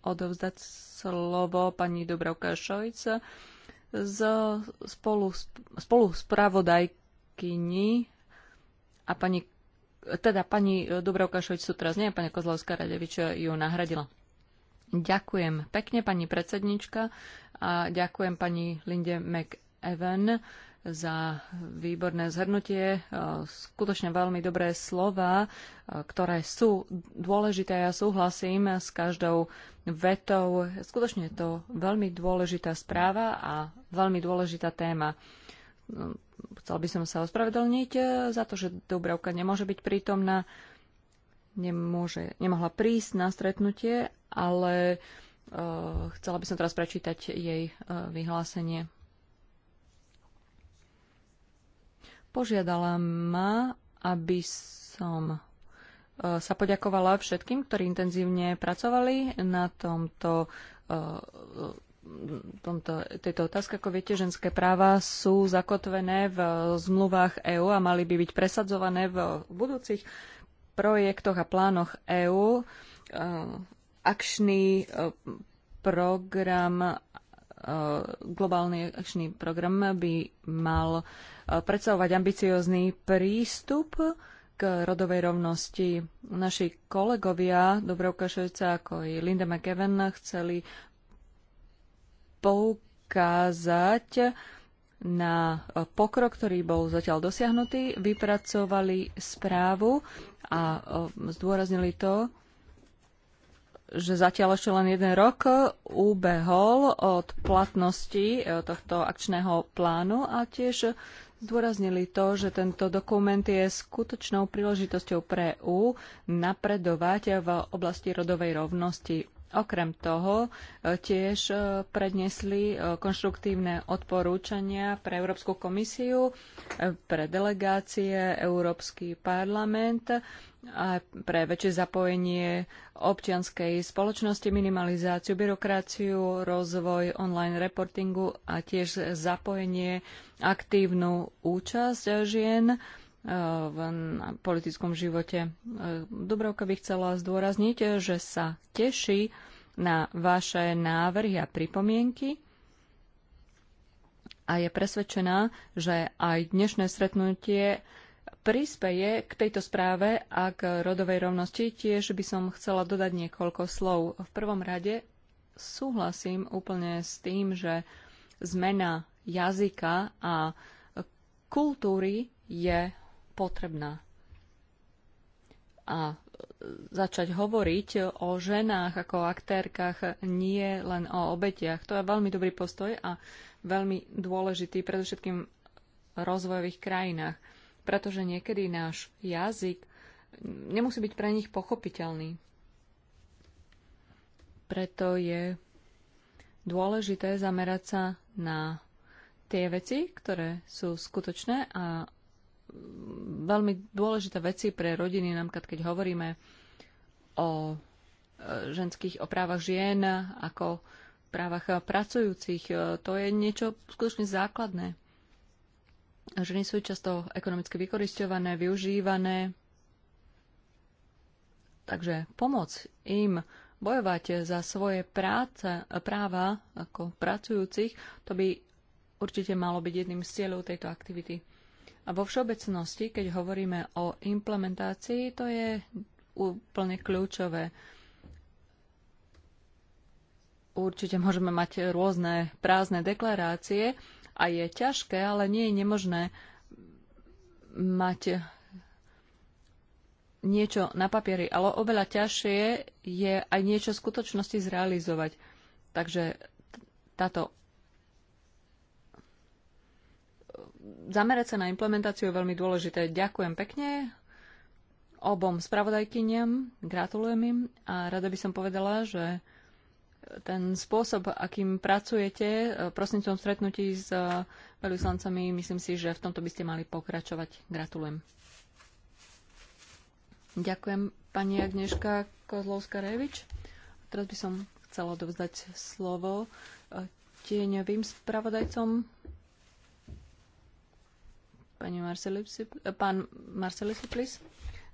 odovzdať slovo pani Dobrovka Šojc z spolu, spoluspravodajkyni a pani teda pani Dubravka Šojcu teraz nie, pani Kozlovská Radevič ju nahradila. Ďakujem pekne, pani predsednička, a ďakujem pani Linde McEwen za výborné zhrnutie, e, skutočne veľmi dobré slova, e, ktoré sú dôležité. Ja súhlasím s každou vetou. Skutočne je to veľmi dôležitá správa a veľmi dôležitá téma chcel by som sa ospravedlniť eh, za to, že Dubravka nemôže byť prítomná, nemôže, nemohla prísť na stretnutie, ale uh, chcela by som teraz prečítať jej uh, vyhlásenie. Požiadala ma, aby som uh, sa poďakovala všetkým, ktorí intenzívne pracovali na tomto tomto, tejto otázke. Ako viete, ženské práva sú zakotvené v zmluvách EÚ a mali by byť presadzované v budúcich projektoch a plánoch EÚ. Eh, akčný eh, program eh, globálny akčný program by mal predstavovať ambiciózny prístup k rodovej rovnosti. Naši kolegovia Dobrovka Šojca ako i Linda McEwen chceli poukázať na pokrok, ktorý bol zatiaľ dosiahnutý, vypracovali správu a zdôraznili to, že zatiaľ ešte len jeden rok ubehol od platnosti e, tohto akčného plánu a tiež zdôraznili to, že tento dokument je skutočnou príležitosťou pre EU napredovať v oblasti rodovej rovnosti Okrem toho e, tiež e, prednesli e, konštruktívne odporúčania pre Európsku komisiu, pre delegácie, Európsky parlament a pre väčšie zapojenie občianskej spoločnosti, minimalizáciu byrokraciu, rozvoj online reportingu a tiež zapojenie aktívnu účasť žien v politickom živote. E, Dobrovka by chcela zdôrazniť, že sa teší na vaše návrhy a pripomienky a je presvedčená, že aj dnešné stretnutie prispeje k tejto správe a k rodovej rovnosti. Tiež by som chcela dodať niekoľko slov. V prvom rade súhlasím úplne s tým, že zmena jazyka a kultúry je potrebná. A e, začať hovoriť o ženách ako o aktérkach, nie len o obetiach. To je veľmi dobrý postoj a veľmi dôležitý, predovšetkým v rozvojových krajinách, pretože niekedy náš jazyk nemusí byť pre nich pochopiteľný. Preto je dôležité zamerať sa na tie veci, ktoré sú skutočné a veľmi dôležité veci pre rodiny, napríklad keď hovoríme o e, ženských, o právach žien, ako právach pracujúcich. E, to je niečo skutočne základné. Ženy sú často ekonomicky vykoristované, využívané. Takže pomoc im bojovať za svoje práce, práva ako pracujúcich, to by určite malo byť jedným z cieľov tejto aktivity. A vo všeobecnosti, keď hovoríme o implementácii, to je úplne kľúčové. Určite môžeme mať rôzne prázdne deklarácie a je ťažké, ale nie je nemožné mať niečo na papieri, ale oveľa ťažšie je aj niečo v skutočnosti zrealizovať. Takže táto zamerať sa na implementáciu je veľmi dôležité. Ďakujem pekne obom spravodajkyniam, gratulujem im a rada by som povedala, že ten spôsob, akým pracujete e, prosím som stretnutí s e, veľvyslancami, myslím si, že v tomto by ste mali pokračovať. Gratulujem. Ďakujem pani Agneška Kozlovská-Revič. Teraz by som chcela dovzdať slovo e, tieňovým spravodajcom Pani Marcelisi, pán Marcelisi, please.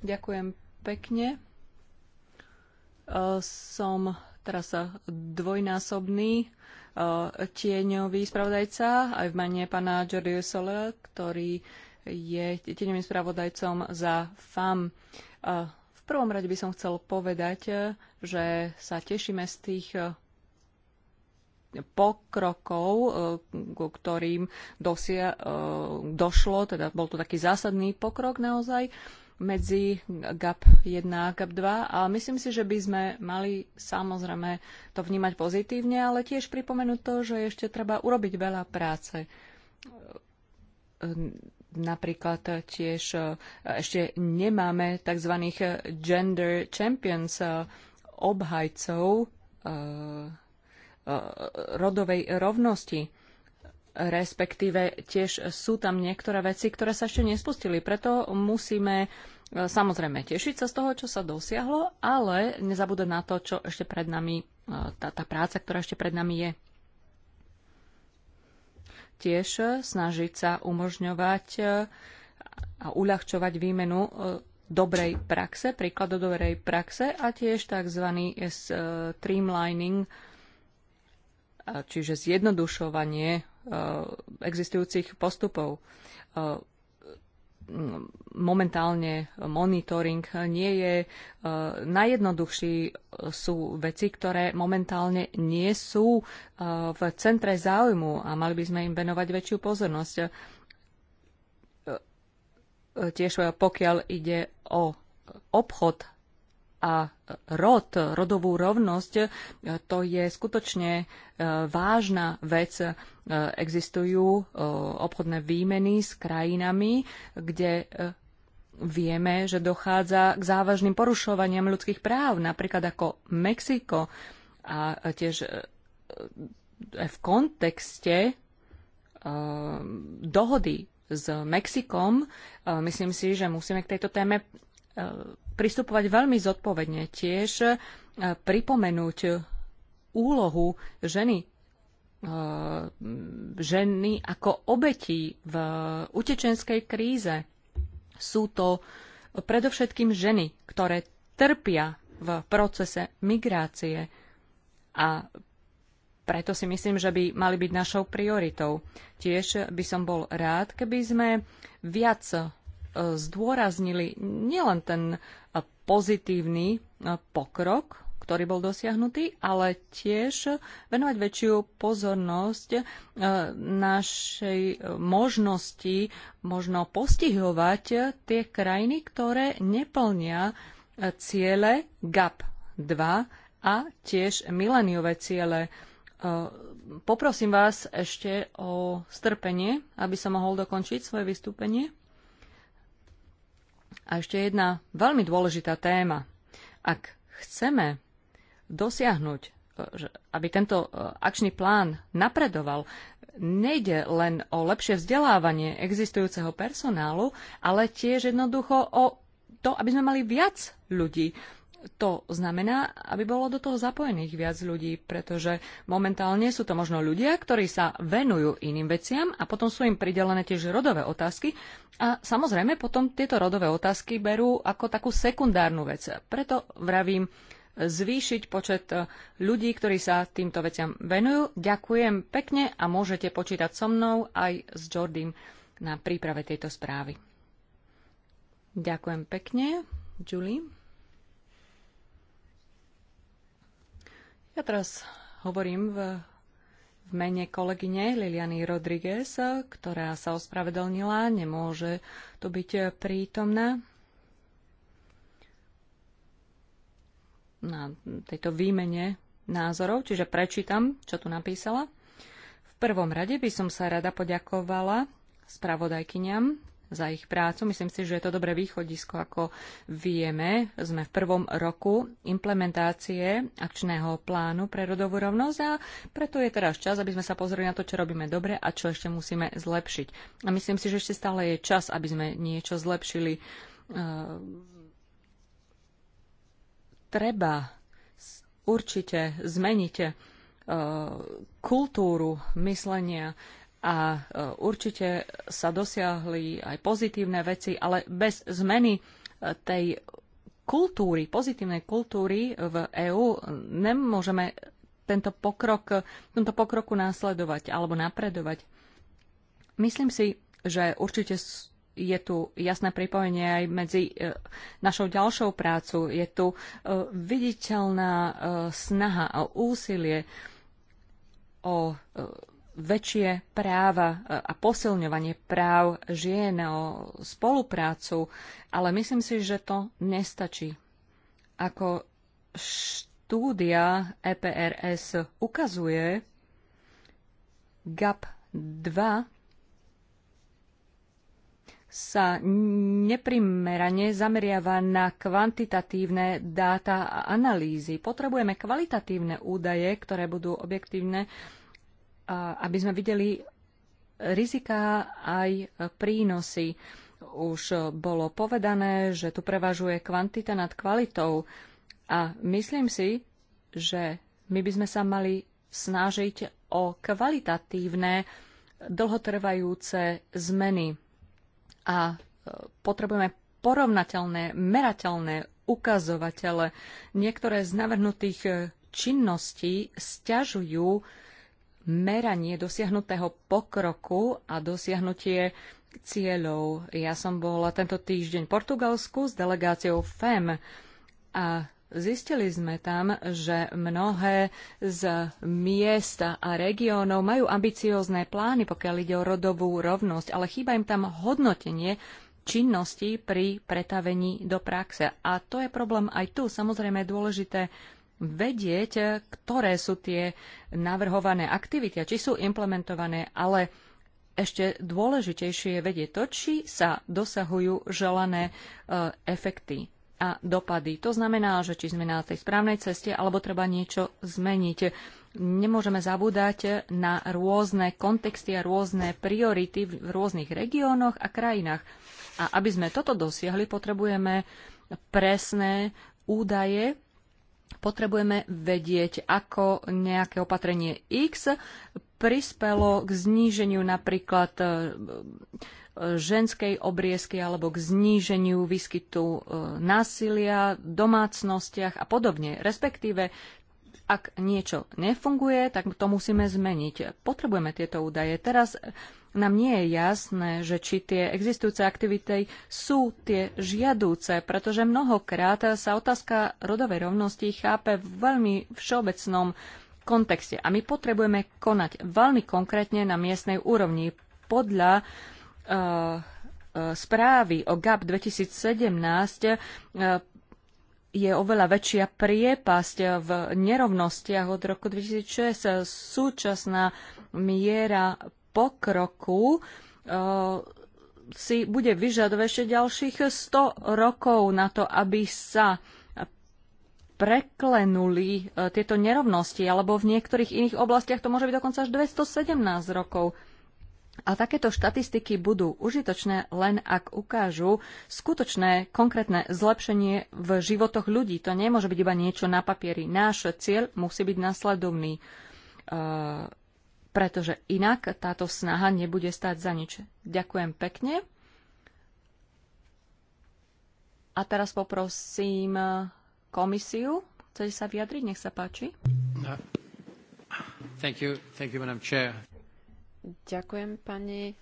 Ďakujem pekne. Eh, som teraz eh, dvojnásobný eh, tieňový spravodajca aj v mene pána Jordi Sole, ktorý je tieňovým spravodajcom za FAM. V prvom rade by som chcel povedať, že sa tešíme z tých pokrokov, e, ku ktorým dosia, e, došlo, teda bol to taký zásadný pokrok naozaj medzi GAP 1 a GAP 2 a myslím si, že by sme mali samozrejme to vnímať pozitívne, ale tiež pripomenúť to, že ešte treba urobiť veľa práce e, napríklad tiež ešte nemáme tzv. gender champions, obhajcov E, rodovej rovnosti respektíve tiež sú tam niektoré veci, ktoré sa ešte nespustili. Preto musíme e, samozrejme tešiť sa z toho, čo sa dosiahlo, ale nezabúdať na to, čo ešte pred nami, e, tá, tá práca, ktorá ešte pred nami je. Tiež snažiť sa umožňovať a uľahčovať výmenu dobrej praxe, príkladu dobrej praxe a tiež tzv. streamlining čiže zjednodušovanie e, existujúcich postupov. E, momentálne monitoring nie je e, najjednoduchší. Sú veci, ktoré momentálne nie sú v centre záujmu a mali by sme im venovať väčšiu pozornosť. Tiež pokiaľ ide o obchod a rod, rodovú rovnosť, e, to je skutočne e, vážna vec. E, existujú obchodné výmeny s krajinami, kde vieme, že dochádza k závažným porušovaniam ľudských práv, napríklad ako Mexiko a tiež v kontexte dohody s Mexikom. Myslím si, že musíme k tejto téme pristupovať veľmi zodpovedne. Tiež e, pripomenúť úlohu ženy e, ženy ako obetí v utečenskej kríze. Sú to predovšetkým ženy, ktoré trpia v procese migrácie a preto si myslím, že by mali byť našou prioritou. Tiež by som bol rád, keby sme viac zdôraznili nielen ten e, pozitívny e, pokrok, ktorý bol dosiahnutý, ale tiež venovať väčšiu pozornosť e, našej možnosti možno postihovať tie krajiny, ktoré neplnia ciele GAP 2 a tiež mileniové ciele poprosím vás ešte o strpenie, aby som mohol dokončiť svoje vystúpenie. A ešte jedna veľmi dôležitá téma. Ak chceme dosiahnuť, e, aby tento e, akčný plán napredoval, nejde len o lepšie vzdelávanie existujúceho personálu, ale tiež jednoducho o to, aby sme mali viac ľudí, to znamená, aby bolo do toho zapojených viac ľudí, pretože momentálne sú to možno ľudia, ktorí sa venujú iným veciam a potom sú im pridelené tiež rodové otázky a samozrejme potom tieto rodové otázky berú ako takú sekundárnu vec. Preto vravím, zvýšiť počet e, ľudí, ktorí sa týmto veciam venujú. Ďakujem pekne a môžete počítať so mnou aj s Jordym na príprave tejto správy. Ďakujem pekne, Julie. Ja teraz hovorím v, v mene kolegyne Liliany Rodriguez, ktorá sa ospravedlnila, nemôže tu byť prítomná na tejto výmene názorov, čiže prečítam, čo tu napísala. V prvom rade by som sa rada poďakovala spravodajkyňam za ich prácu. Myslím si, že je to dobré východisko. Ako vieme, sme v prvom roku implementácie akčného plánu pre rodovú rovnosť a preto je teraz čas, aby sme sa pozreli na to, čo robíme dobre a čo ešte musíme zlepšiť. A myslím si, že ešte stále je čas, aby sme niečo zlepšili. Ehm, treba určite zmeniť ehm, kultúru myslenia a e, určite sa dosiahli aj pozitívne veci, ale bez zmeny e, tej kultúry, pozitívnej kultúry v EÚ nemôžeme tento pokrok, tento pokroku následovať alebo napredovať. Myslím si, že určite je tu jasné pripojenie aj medzi e, našou ďalšou prácu. Je tu viditeľná snaha a úsilie o väčšie práva e, a posilňovanie práv žien o spoluprácu, ale myslím si, že to nestačí. Ako štúdia EPRS ukazuje, GAP 2 sa neprimerane zameriava na kvantitatívne dáta a analýzy. Potrebujeme kvalitatívne údaje, ktoré budú objektívne aby sme videli riziká aj prínosy. Už bolo povedané, že tu prevažuje kvantita nad kvalitou a myslím si, že my by sme sa mali snažiť o kvalitatívne dlhotrvajúce zmeny a e, potrebujeme porovnateľné, merateľné ukazovatele. Niektoré z navrhnutých e, činností stiažujú meranie dosiahnutého pokroku a dosiahnutie cieľov. Ja som bola tento týždeň v Portugalsku s delegáciou FEM a zistili sme tam, že mnohé z miest a regiónov majú ambiciózne plány, pokiaľ ide o rodovú rovnosť, ale chýba im tam hodnotenie činnosti pri pretavení do praxe. A to je problém aj tu. Samozrejme je dôležité vedieť, ktoré sú tie navrhované aktivity a či sú implementované, ale ešte dôležitejšie je vedieť to, či sa dosahujú želané e, efekty a dopady. To znamená, že či sme na tej správnej ceste alebo treba niečo zmeniť. Nemôžeme zabúdať na rôzne kontexty a rôzne priority v rôznych regiónoch a krajinách. A aby sme toto dosiahli, potrebujeme presné údaje potrebujeme vedieť, ako nejaké opatrenie X prispelo k zníženiu napríklad e, ženskej obriezky alebo k zníženiu výskytu e, násilia v domácnostiach a podobne. Respektíve, ak niečo nefunguje, tak to musíme zmeniť. Potrebujeme tieto údaje. Teraz nám nie je jasné, že či tie existujúce aktivity sú tie žiadúce, pretože mnohokrát sa otázka rodovej rovnosti chápe v veľmi všeobecnom kontexte. A my potrebujeme konať veľmi konkrétne na miestnej úrovni. Podľa uh, správy o GAP 2017 e, je oveľa väčšia priepasť v nerovnostiach od roku 2006. Súčasná miera pokroku eh, si bude vyžadovať ešte ďalších 100 rokov na to, aby sa preklenuli eh, tieto nerovnosti, alebo v niektorých iných oblastiach to môže byť dokonca až 217 rokov. A takéto štatistiky budú užitočné len ak ukážu skutočné konkrétne zlepšenie v životoch ľudí. To nemôže byť iba niečo na papieri. Náš cieľ musí byť následovný. Eh, pretože inak táto snaha nebude stať za nič. Ďakujem pekne. A teraz poprosím komisiu. Chcete sa vyjadriť? Nech sa páči. Thank you. Thank you, Madam Chair. Ďakujem, pani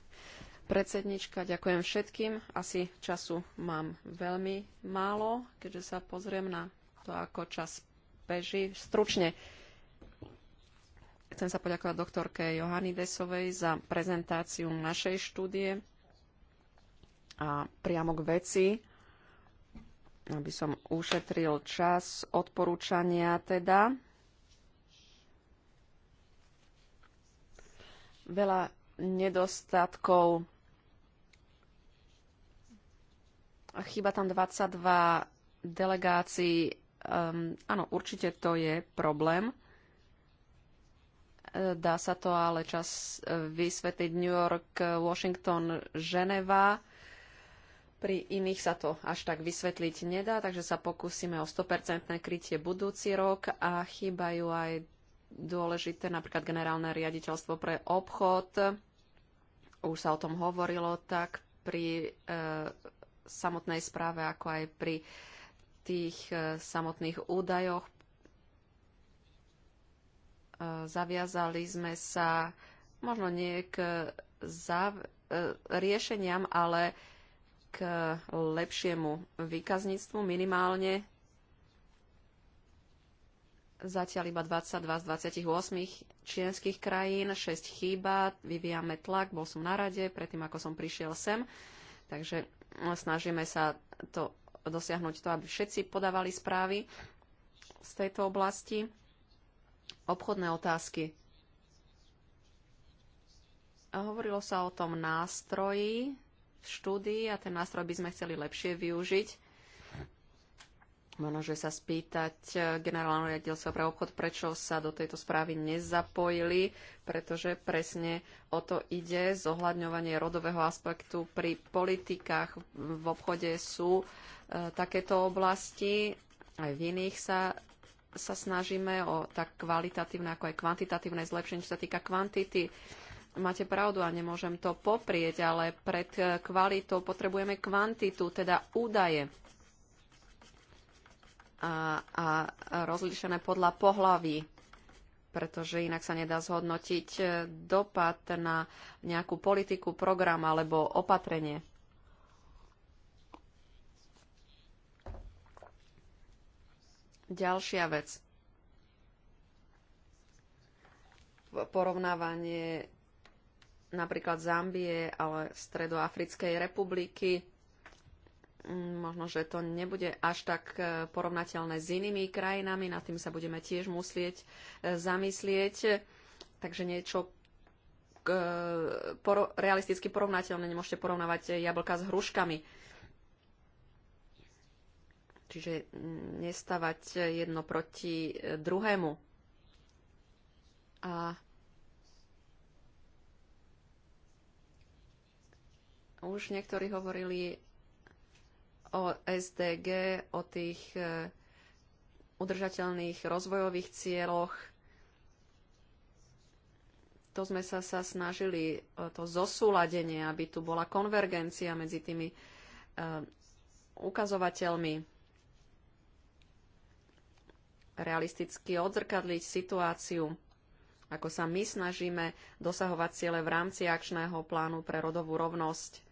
predsednička. Ďakujem všetkým. Asi času mám veľmi málo, keďže sa pozriem na to, ako čas beží. Stručne Chcem sa poďakovať doktorke Johany Desovej za prezentáciu našej štúdie a priamo k veci, aby som ušetril čas odporúčania teda. Veľa nedostatkov. Chyba tam 22 delegácií. Um, áno, určite to je problém Dá sa to ale čas e, vysvetliť New York, e, Washington, Ženeva. Pri iných sa to až tak vysvetliť nedá, takže sa pokúsime o 100% krytie budúci rok a chýbajú aj dôležité napríklad generálne riaditeľstvo pre obchod. Už sa o tom hovorilo tak pri e, samotnej správe, ako aj pri tých e, samotných údajoch zaviazali sme sa možno nie k zav- e, riešeniam, ale k lepšiemu výkazníctvu minimálne. Zatiaľ iba 22 z 28 čienských krajín, 6 chýba, vyvíjame tlak, bol som na rade predtým, ako som prišiel sem, takže snažíme sa to dosiahnuť to, aby všetci podávali správy z tejto oblasti obchodné otázky. A hovorilo sa o tom nástroji v štúdii a ten nástroj by sme chceli lepšie využiť. Možno, že sa spýtať e, generálneho riaditeľstva pre obchod, prečo sa do tejto správy nezapojili, pretože presne o to ide. Zohľadňovanie rodového aspektu pri politikách v obchode sú e, takéto oblasti. Aj v iných sa sa snažíme o tak kvalitatívne ako aj kvantitatívne zlepšenie, čo sa týka kvantity. Máte pravdu a nemôžem to poprieť, ale pred kvalitou potrebujeme kvantitu, teda údaje. A, a rozlišené podľa pohlaví, pretože inak sa nedá zhodnotiť dopad na nejakú politiku, program alebo opatrenie. Ďalšia vec. Porovnávanie napríklad Zambie, ale Stredoafrickej republiky. Mm, možno, že to nebude až tak e, porovnateľné s inými krajinami, nad tým sa budeme tiež musieť e, zamyslieť. Takže niečo e, realisticky porovnateľné, nemôžete porovnávať jablka s hruškami Čiže mm, nestavať jedno proti e, druhému. A už niektorí hovorili o SDG, o tých e, udržateľných rozvojových cieľoch. To sme sa, sa snažili, e, to zosúladenie, aby tu bola konvergencia medzi tými uh, ukazovateľmi realisticky odzrkadliť situáciu, ako sa my snažíme dosahovať ciele v rámci akčného plánu pre rodovú rovnosť,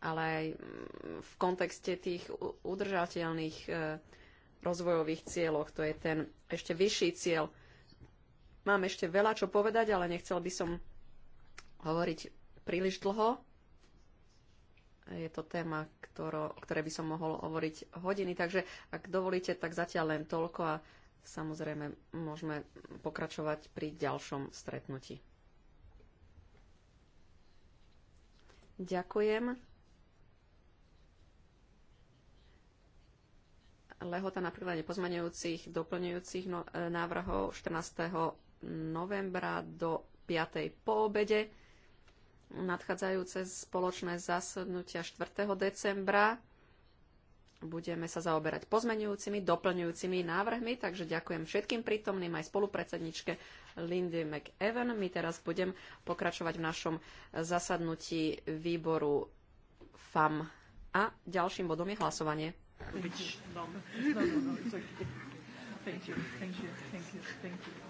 ale aj mm, v kontexte tých udržateľných e, rozvojových cieľoch. To je ten ešte vyšší cieľ. Mám ešte veľa čo povedať, ale nechcel by som hovoriť príliš dlho. Je to téma, ktoro, o ktorej by som mohol hovoriť hodiny, takže ak dovolíte, tak zatiaľ len toľko a Samozrejme, môžeme pokračovať pri ďalšom stretnutí. Ďakujem. Lehota na príklade pozmenujúcich, doplňujúcich no- e, návrhov 14. novembra do 5. po obede. Nadchádzajúce spoločné zasadnutia 4. decembra budeme sa zaoberať pozmenujúcimi, doplňujúcimi návrhmi, takže ďakujem všetkým prítomným aj spolupredsedničke Lindy McEwen. My teraz budem pokračovať v našom zasadnutí výboru FAM. A ďalším bodom je hlasovanie. Which, no, no, no, no, Thank you, thank you, thank you, thank you.